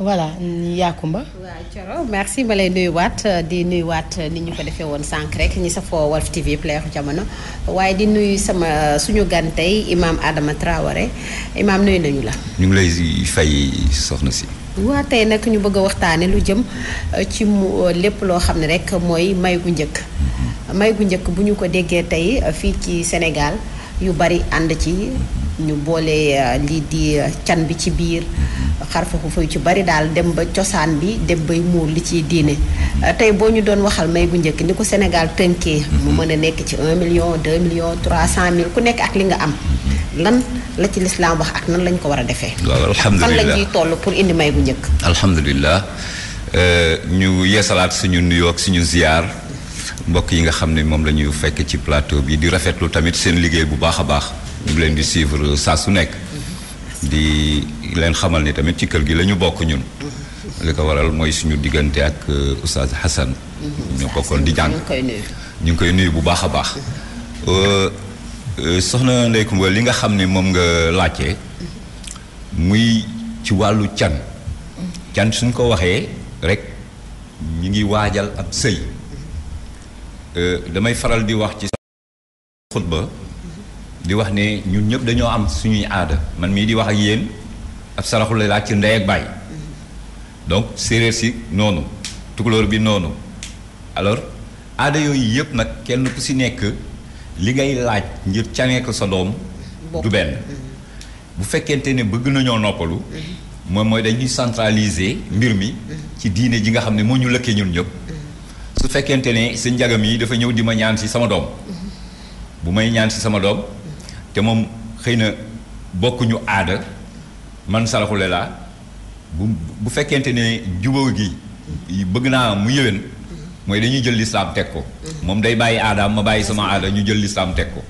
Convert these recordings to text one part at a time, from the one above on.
voilà Yakumba. waaw Thioro merci ma lay nuyuwaat euh, di nuyuwaat euh, ni ñu ko defee woon sànq rekk ñi sa Walf TV Pléiadu Jamono waaye di nuyu sama euh, suñu gan tey imaam Adama Traoré imaam nuyu nañu la. ñu lay fay soxna si. waa tey nag ñu bëgg a waxtaanee lu jëm ci mu lépp loo xam ne rek mooy may gu njëkk. Mm-hmm. may gu njëkk bu ñu ko déggee tey fii ci Sénégal. yu bari ànd ci ñu boole euh, lii di euh, can bi ci biir xarfa xufa yu ci bari daal dem ba cosaan bi dem bay muur li ciy diine euh, tey boo ñu doon waxal may bu njëkk ni ko Sénégal tënkee mu mën a nekk ci un million 2 million cent mille ku nekk ak li nga am lan la ci lislaam wax ak nan lañ ko war a defee fan lañ ñuy toll pour indi may bu njëkk alhamdulillah ñu yeesalaat suñu nuyoo ak suñu ziyaar mbokk yi nga xam ne moom la ñuy fekk ci plateau bii di rafetlu tamit seen liggéey bu baax a baax ñu leen di suivre saa su nekk di leen xamal ni tamit ci kër gi lañu bokk ñun li ko waral mooy suñu diggante ak euh, Oustaz Hassan mm-hmm. ñu bokkoon di jàng ñu ngi koy nuyu bu baax a baax euh, euh, soxna Ndeye Coumba li nga xam ni moom nga laajte muy ci wàllu can mm-hmm. can suñ ko waxee rek ñu ngi waajal ab sëy Euh, damay faral di wax ci sa xutba di wax ne ñun ñëpp dañoo am suñuy aada man mii di wax ak yéen ab saraxul la laaj ci ndey ak bàyyi donc séeréer si noonu tukulóor bi noonu alors aada yooyu yëpp nag kenn ku si nekk li ngay laaj ngir canee ko sa doom du benn mm-hmm. bu fekkente ne bëgg nañoo noppalu mm-hmm. moom mooy dañuy centraliser mbir mi mm-hmm. ci diine ji nga xam ne moo ñu lëkkee ñun ñëpp su fekkente ne sëñ njagam yi dafa ñëw di ma ñaan si sama doom bu may ñaan si sama doom te moom xëy na bokkuñu aada man saraxule laa bu bu fekkente ne jubóo gi bëgg naa mu yëwén mooy dañuy jël lislaam teg ko moom day bàyyi aadaam ma bàyyi sama aada ñu jël lislaam teg ko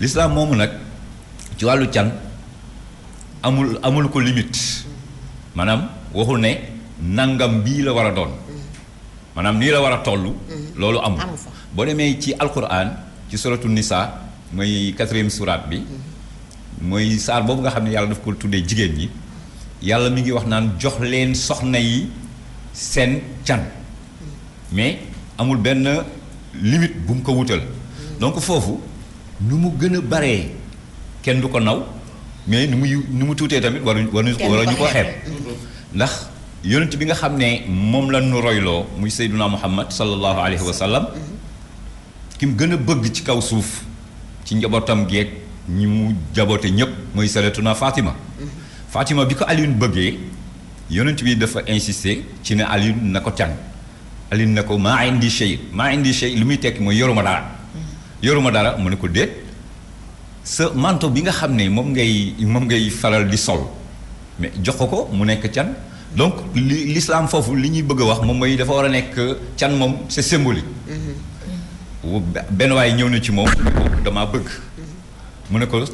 lislaam moomu nag ci wàllu can amul amul ko limite maanaam waxul ne nangam bii la war a doon maanaam nii la war a toll. Mhm. loolu amul boo demee ci alquran ci suratu nisa mooy quatrième surat bi. mooy mhm. saar boobu nga xam ne yàlla daf ko tuddee jigéen ñi yàlla mi ngi wax naan jox leen soxna yi seen can mhm. mais amul benn limite bu mu ko wutal. donc foofu nu mu gën a baree kenn du ko naw mais nu muy nu mu tuutee tamit war waruñu waruñu ko xeeb ndax. yonent bi nga xam ne moom la nu royloo muy sayduna muhammad sallallahu alayhi wa sallam ki mu gën a bëgg ci kaw suuf ci njabootam geeg ñi mu jaboote ñépp mooy salatuna fatima fatima bi ko Alioune bëggee yonent bi dafa insister ci ne Alioune na ko can Alioune na ko maa indi shay maa indi shay li muy tekki mooy yoruma dara yoruma dara mu ne ko déet sa manto bi nga xam ne moom ngay moom ngay faral di sol mais jox ko ko mu nekk can donc li l'islam foofu li ñuy bëgg a wax moom mooy dafa war a nekk can moom c'est symbolique. Mm-hmm. benn waay ñëw na ci moom damaa bëgg. Mm-hmm. mu ne ko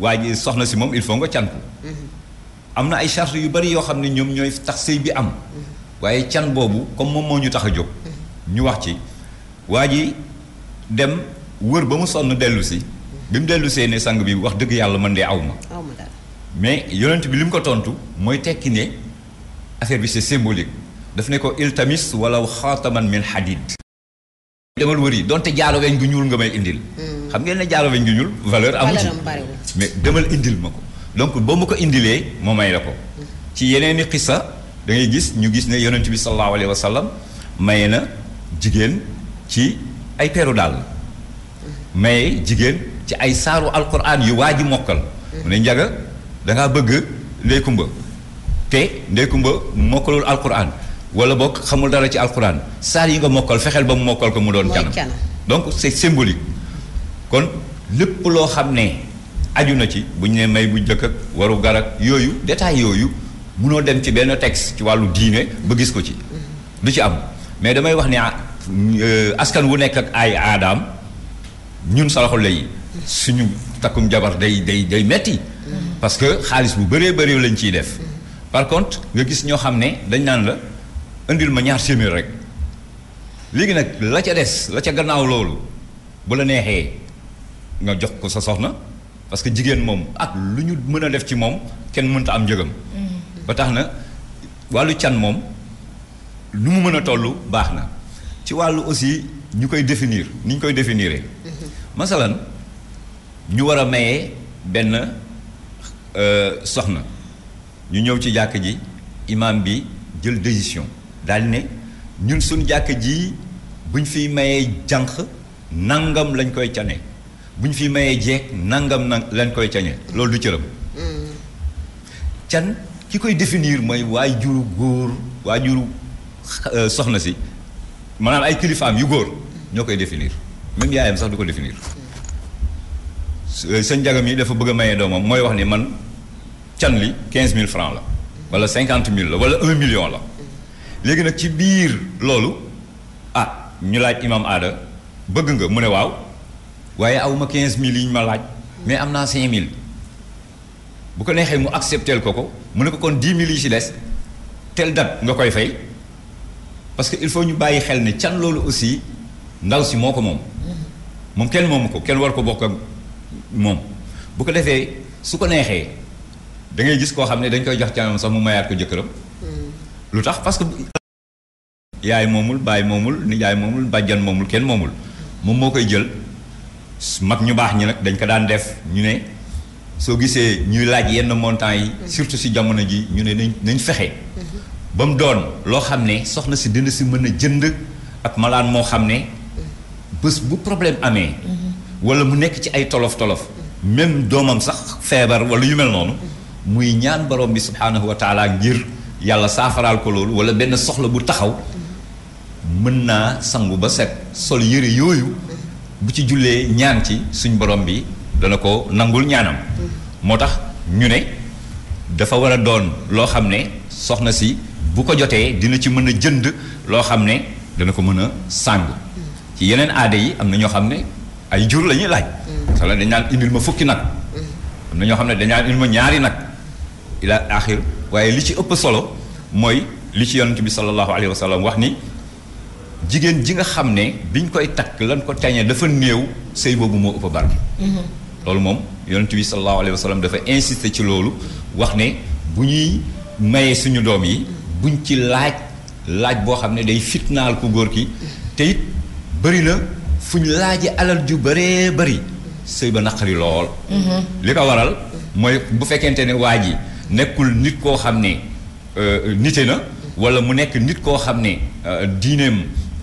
waa ji soxna si moom il faut nga can ko. Mm-hmm. am na ay chartes yu bari yoo xam ne ñoom ñooy tax sëy bi am. waaye can boobu comme moom moo ñu tax a jóg. ñu wax ci waa ji dem wër ba mu sonn dellu si. bi mu dellu see ne sang bi wax dëgg yàlla man de aw mais yonent bi li mu ko tontu mooy tekki ne. affaire bi c'est symbolique daf ne ko iltamis walaw xaataman min hadid demal wëri donte jaalo weñ gu ñuul nga may indil hmm. xam ngeen ne jaaro weñ gu ñuul valeur amu ci demal indil ma donc ba mu ko indilee moo may la ko hmm. ci yeneen i xisa da gis ñu gis ne yonent bi sallallahu alayhi wa sallam may na jigéen ci ay peeru daal hmm. maye jigéen ci ay saaru alquran yu waa ji mokkal mu ne njaga dangaa bëgg ndey kumba te ndeykumba mokkalul alquran wala bokk xamul dara ci alquran saar yi nga mokkal fexeel ba mu mokkal ko mu doon canam donc c'est symbolique kon lépp loo xam ne aju na ci bu ñu ne may bu njëkk ak waru garak yooyu détail yooyu munoo dem ci benn tex ci wàllu diine ba gis ko ci du ci am mais damay wax ne ah, euh, askan wu nekk ak ay aadaam ñun salaxul lay suñu takkum jabar day day day metti mm-hmm. parce que xaalis bu bëree bëri lañ ciy def par contre nga gis ñoo xam ne dañ naan la indil ma ñaar téeméer rek léegi nag la ca des la ca gannaaw loolu bu la neexee nga jox ko sa soxna parce que jigéen moom ak lu ñu mën a def ci moom kenn mënta am njëgam. Mm-hmm. ba tax na wàllu can moom lu mu mën a toll baax na ci wàllu aussi ñu koy définir niñ koy définiree. Mm-hmm. masalan ñu war a maye benn euh, soxna. ñu ñëw ci jàkk ji imam bi jël décision daal ne ñun suñ jàkk ji buñ fi mayee jànq nangam lañ koy cane buñ fi mayee jeeg nangam na lañ koy cane loolu du cëram mm-hmm. can ki koy définir mooy waay juru góor waay juru euh, soxna si maanaam ay kilifaam yu góor ñoo koy définir même yaayam sax du ko définir mm-hmm. euh, sëñ jagam yi dafa bëgg a mayee doomam mooy wax ni man can li quinze mille francs la wala cinquante mille la wala un million la léegi nag ci biir loolu ah ñu laaj imam aada bëgg nga mu ne waaw waaye awma ma quinze mille yi ñu ma laaj mais am naa cinq mille bu ko neexee mu accepteel ko ko mu ne ko kon dix mille yi ci des tel date nga koy fay parce que il faut ñu bàyyi xel ne can loolu aussi ndaw si moo ko moom moom kenn moom ko kenn war ko bokk moom bu ko defee su ko neexee da ngay gis koo xam ne dañ koy jox càmmam sax mu mayaat ko jëkkëram. Hmm. lu tax parce que. yaay moomul baay moomul nijaay moomul bàjjan moomul kenn moomul moom moo koy jël mag ñu baax ñi nag dañ ko daan def ñu ne soo gisee ñuy laaj yenn montant yi. Hmm. surtout si jamono ji ñu ne nañ nañ fexe. Hmm. ba mu doon loo xam ne soxna si dina si mën a jënd ak malaan moo xam ne bés bu problème amee. wala mu nekk ci ay tolof tolof. même doomam sax feebar wala yu mel noonu. muy ñaan borom bi subhaanahu wa ngir yàlla saafaraal ko loolu wala benn soxla bu taxaw mën naa sangu ba set sol yére yooyu bu ci jullee ñaan ci suñ borom bi dana ko nangul ñaanam moo tax ñu ne dafa war a doon loo xam ne soxna si bu ko jotee dina ci mën a jënd loo xam ne dana ko mën a sangu ci yeneen aada yi am na ñoo xam ne ay jur la ñuy laaj. Mm. dañ naan indil ma fukki nag. Mm. am na ñoo xam ne dañ naan indil ma ñaari nag. ila axir waaye li ci ëpp solo mooy li ci yonent bi sallallahu alayhi wa wax ni jigéen ji nga xam ne biñ koy takk lan ko teñee dafa néew sëy boobu moo ëpp barke mm-hmm. loolu moom yonent bi sallallahu alayhi wa sallam dafa insister ci loolu wax ne bu ñuy mayee suñu doom yi buñ ci laaj laaj boo xam ne day fitnaal ku góor ki te it bëri na fu ñu laaji alal ju bëree bëri sëy ba naqari lool mm-hmm. li ko waral mooy bu fekkente ne waa ji nekkul nit koo xam ne euh, nite na wala mu nekk nit koo xam ne euh, diineem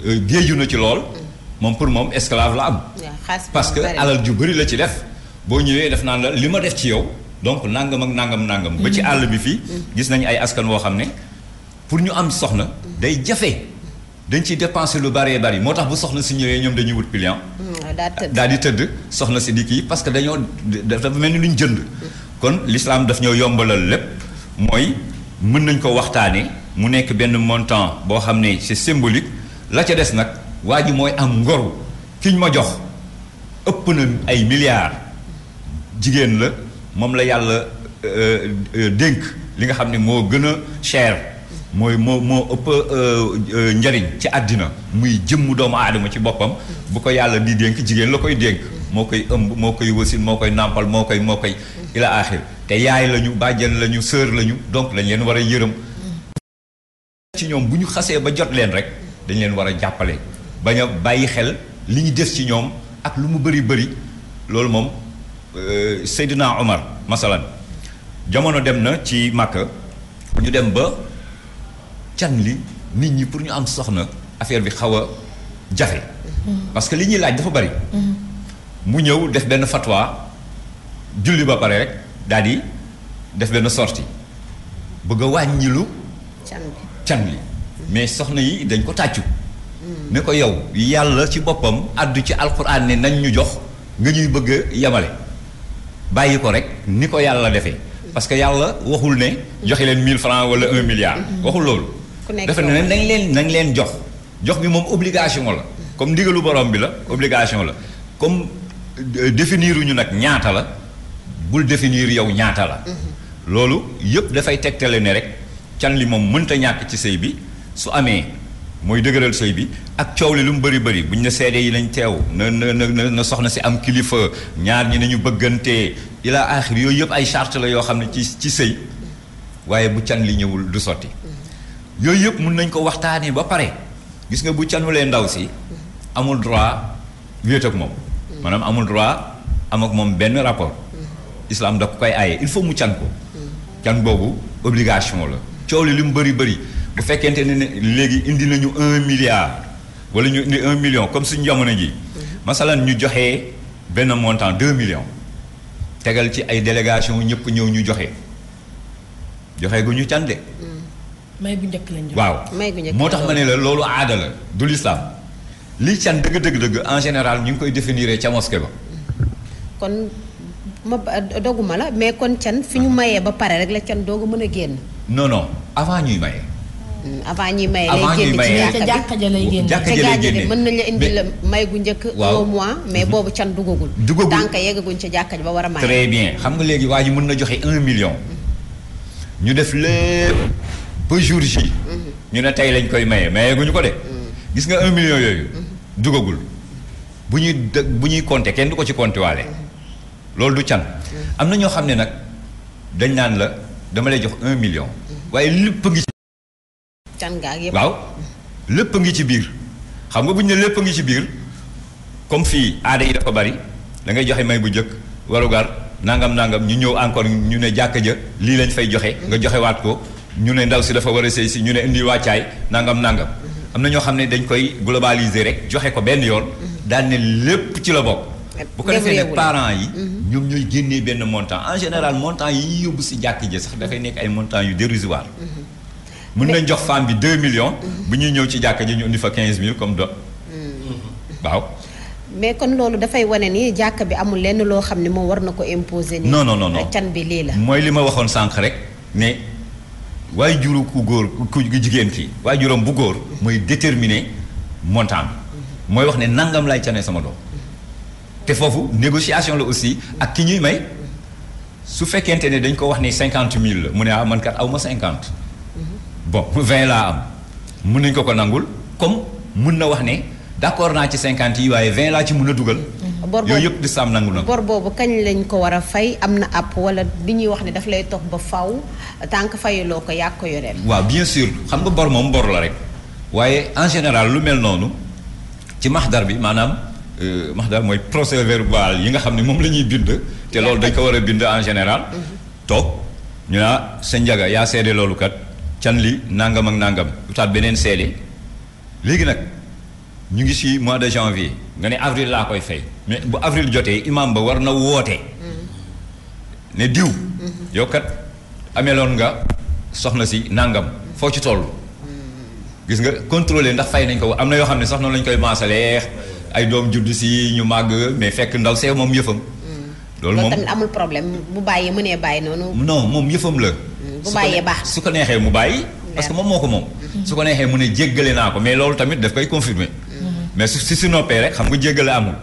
euh, géeju na ci lool moom pour moom esclave la am parce que alal ju bëri la ci def boo ñëwee def naan la li ma def ci yow donc nangam ak nangam nangam ba ci mm-hmm. àll bi fii mm-hmm. gis nañ ay askan woo xam ne pour ñu am soxna mm-hmm. day jafe dañ ciy dépenser lu bëree bëri moo tax bu soxna si ñëwee ñoom dañuy wut client mm, daal di tëdd soxna si di kii parce que dañoo dafa mel ni lu ñu jënd kon l'islam daf ñoo yombalal lépp mooy mën nañ ko waxtaane mu nekk benn montant boo xam ne c'est symbolique la ca des nag waa ji mooy am ngoru ki ñu ma jox ëpp na ay milliards jigéen la moom la yàlla euh, euh, dénk li nga xam ne moo gën a cher mooy moo moo ëpp euh, njariñ ci àddina muy jëmm doomu aadama ci boppam bu ko yàlla di dénk jigéen la koy dénk moo koy ëmb moo koy wasin moo koy nàmpal moo koy moo koy ila axir te yaay la ñu bàjjen la ñu sœur la donc dañ leen war a yërëm ci ñoom bu ñu xasee ba jot leen rek dañ leen war a jàppale bañ bàyyi xel li ñu des ci ñoom ak lu mu bëri bëri loolu moom euh, Seydina Omar masalan jamono dem na ci Màkka ñu dem ba can li nit ñi pour ñu am soxna affaire bi xaw a jafe parce que li ñuy laaj dafa bëri mu ñëw def benn fatwa julli ba pare rek daal di def benn sortie bëgg a wàññilu can li mais soxna yi dañ ko tàccu hmm. ne ko yow yàlla ci boppam àddu ci alquran ne nañ ñu jox nga ñuy bëgg a yemale bàyyi ko rek ni ko yàlla defee parce que yàlla waxul ne joxe leen 1000 francs wala 1 milliard hmm. waxul loolu dafa ne nañ leen nañ leen jox jox bi moom obligation la comme ndigalu borom bi la obligation la comme définiruñu nag ñaata la bul définir yow ñaata la. loolu yëpp dafay tegtale ne rek can li moom mënta ñàkk ci sëy bi su amee mooy dëgëral sëy bi ak coow li lu mu bari bëri buñ ne seede yi lañ teew na na na soxna si am kilifa ñaar ñi nañu bëggante ila axir yooyu yëpp ay charte la yoo xam ne ci ci sëy waaye bu can li ñëwul du sotti. yooyu yëpp mun nañ ko waxtaanee ba pare gis nga bu canulee ndaw si amul droit wéet ak moom. maanaam amul droit am ak moom benn rapport mm-hmm. islam da ko koy aaye il faut mu can ko mm-hmm. can boobu obligation la coow li li mu bari bari bu fekkente ne léegi indi nañu un milliard wala ñu indi un million comme suñu jamono ji mm-hmm. masalan ñu joxe benn montant deux million tegal ci ay délégation ñëpp ñëw ñu joxe joxe gu ñu can de may bu njëkk lañ waaw moo tax ma ne la loolu aada la du lii can dëgg dëgg dëgg en général ñu ngi koy définir ca mosquée ba. kon ma doguma la mais kon can fi ñu mayee ba pare rek la can doo a mën a génn. non non avant ñuy maye. Hmm, avant ñuy maye lay génn ci jàkka ja lay mën nañ indi la may njëkk au mois mais mhm. boobu can dugagul dugagul tànk yeggaguñ ca jàkka ja ba war a maye très bien xam nga léegi waa ji mën na joxe un million mhm. ñu def lépp ba jour ji mhm. ñu ne tey lañ koy maye maye guñu ko de gis nga un million yooyu dugagul bu ñuy bu ñuy conté kenn du ko ci compter waale loolu du can am na ñoo xam ne nag dañ naan la dama lay jox un million waaye lépp ngi ci can gaa yëpp waaw lépp ngi ci biir xam nga bu ñu ne lépp ngi ci biir comme fii aada yi dafa bari da ngay joxe may bu njëkk warugar nangam nangam ñu ñëw encore ñu ne jàkka ja lii lañ fay joxe nga joxe waat ko ñu ne ndaw si dafa war a sëy si ñu ne indi wàccaay nangam nangam am na ñoo xam ne dañ koy globaliser rek joxe ko benn yoon. daal ne lépp ci la bokk. bu ko defee ne parents yi. Mhm. ñoom ñooy génnee benn montant en général montant yi yóbbu si jàkk ji sax dafay nekk ay montants yu dérisoire. mën mhm. nañ jox femme bi 2 millions. Mhm. bu ñuy ñëw ci jàkk ji ñu indi fa 15000 comme do waaw. mais kon loolu dafay wane ni jàkk bi amul lenn loo xam ne moom war na ko imposer. non non non can bi lii la. mooy li ma waxoon sànq rek ne. waaye juru ku góor ku jigéen ki waaye juróom bu góor mooy déterminer montant bi mooy wax ne nangam lay canee sama doom te foofu négociation la aussi ak ki ñuy may su fekkente ne dañ ko wax ne cinquante mille la mu ne ah man kat aw ma cinquante mhm. bon vingt laa am mun nañ ko ko nangul comme mun na wax ne d'accord naa ci cinquante yi waaye vingt laa ci mën a dugal. Mm-hmm. bor boobu yooyu yëpp lislaam nangu na bor boobu kañ lañ ko war a fay am na app wala li ñuy wax ni dafa lay toog ba faw tànk fayuloo ko yaa ko yoreel. waaw bien sûr nga bor moom bor la rek waaye en général lu mel noonu ci maxdar bi maanaam euh, maxdar mooy procès verbal yi nga xam ne moom la ñuy bind. te loolu dañ ko war a bind en général. Mm-hmm. toog ñu naa sa njaga yaa seede loolu kat can li nangam ak nangam utaat beneen seede léegi nag. ñu ngi si mois de janvier nga ne avril laa koy fay mais bu avril jotee imam ba war na woote ne diw yokkat kat ameloon nga soxna si nàngam foo ci toll gis nga contrôler ndax fay nañ ko am na yoo xam ne soxna noonu lañ koy maasalee ay doom juddu si ñu màgg mais fekk ndaw see moom yëfam loolu moom tamit amul problème bu bàyyee mënee bàyyi noonu non moom yëfam la hmm, bu baax su ko neexee mu bàyyi parce que moom moo ko moom su ko neexee mu ne jéggale naa ko mais loolu tamit daf koy confirmer mais su si si noppee rek xam nga jéggale amul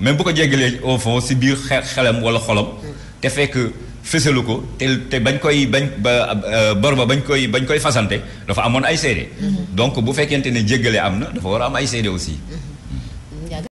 mais bu ko jéggalee au fond si biir xelam wala xolom te fekk fësalu ko te te bañ koy bañ ba euh, bor ba bañ koy bañ koy fasante dafa amoon ay seede mm-hmm. donc bu fekkente ne jéggale am na dafa war a am ay seede aussi mm-hmm. Mm-hmm.